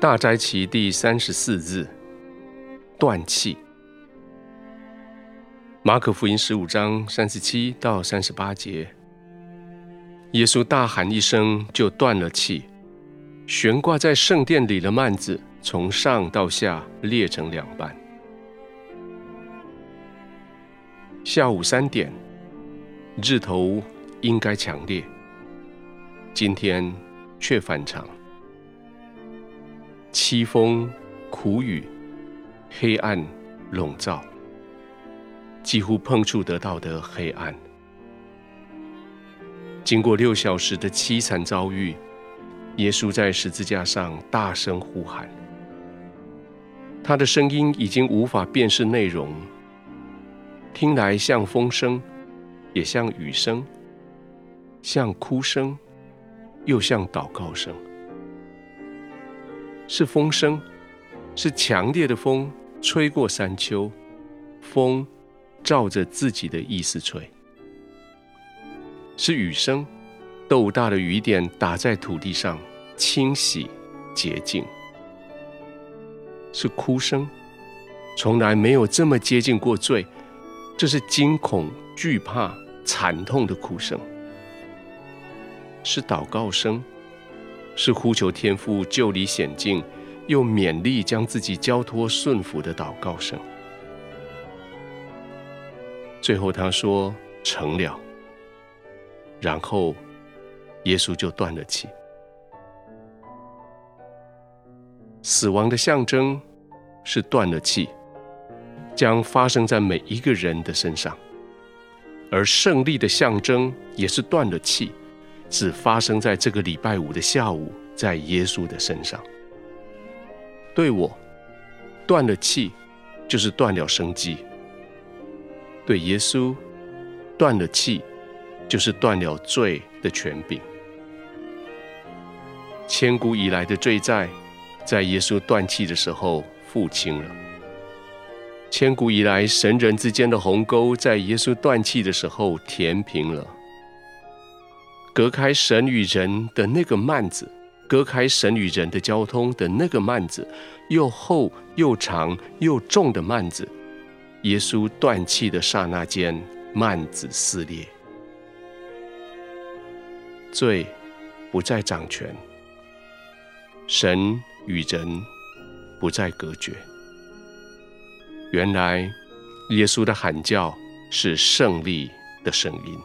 大齋期第三十四日，斷氣。馬可福音十五章三十七到三十八節，耶穌大喊一聲就斷了氣，懸掛在聖殿裡的幔子從上到下裂成兩半。下午三點，日頭應該強烈，今天卻反常。淒風、苦雨、黑暗籠罩，幾乎碰觸得到的黑暗。經過六小時的淒慘遭遇，耶穌在十字架上大聲呼喊。他的聲音已經無法辨識內容，聽來像風聲，也像雨聲，像哭聲，又像禱告聲。是風聲，是強烈的風吹過山丘，風照着自己的意思吹；是雨聲，豆大的雨點打在土地上，清洗潔淨；是哭聲，從來沒有這麼接近過罪，這是驚恐、懼怕、慘痛的哭聲；是禱告聲。是呼求天父救離險境，又勉力將自己交托順服的禱告聲。最後他說成了，然後耶穌就斷了氣。死亡的象徵是斷了氣，將發生在每一個人的身上；而勝利的象徵也是斷了氣。只發生在這個禮拜五的下午，在耶穌的身上。對我，斷了氣，就是斷了生機；對耶穌，斷了氣，就是斷了罪的權柄。千古以來的罪債，在耶穌斷氣的時候付清了；千古以來，神人之間的鴻溝，在耶穌斷氣的時候填平了。隔開神與人的那個幔子，隔開神與人的交通的那個幔子，又厚又長又重的幔子，耶穌斷氣的剎那間，幔子撕裂，罪不再掌權，神與人不再隔絕。原來耶穌的喊叫是勝利的聲音。